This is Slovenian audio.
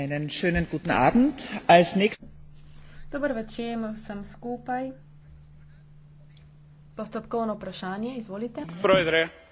Einen schönen guten Abend. Als Dober večer vsem skupaj. Postopkovno vprašanje, izvolite. Prav, Andreja.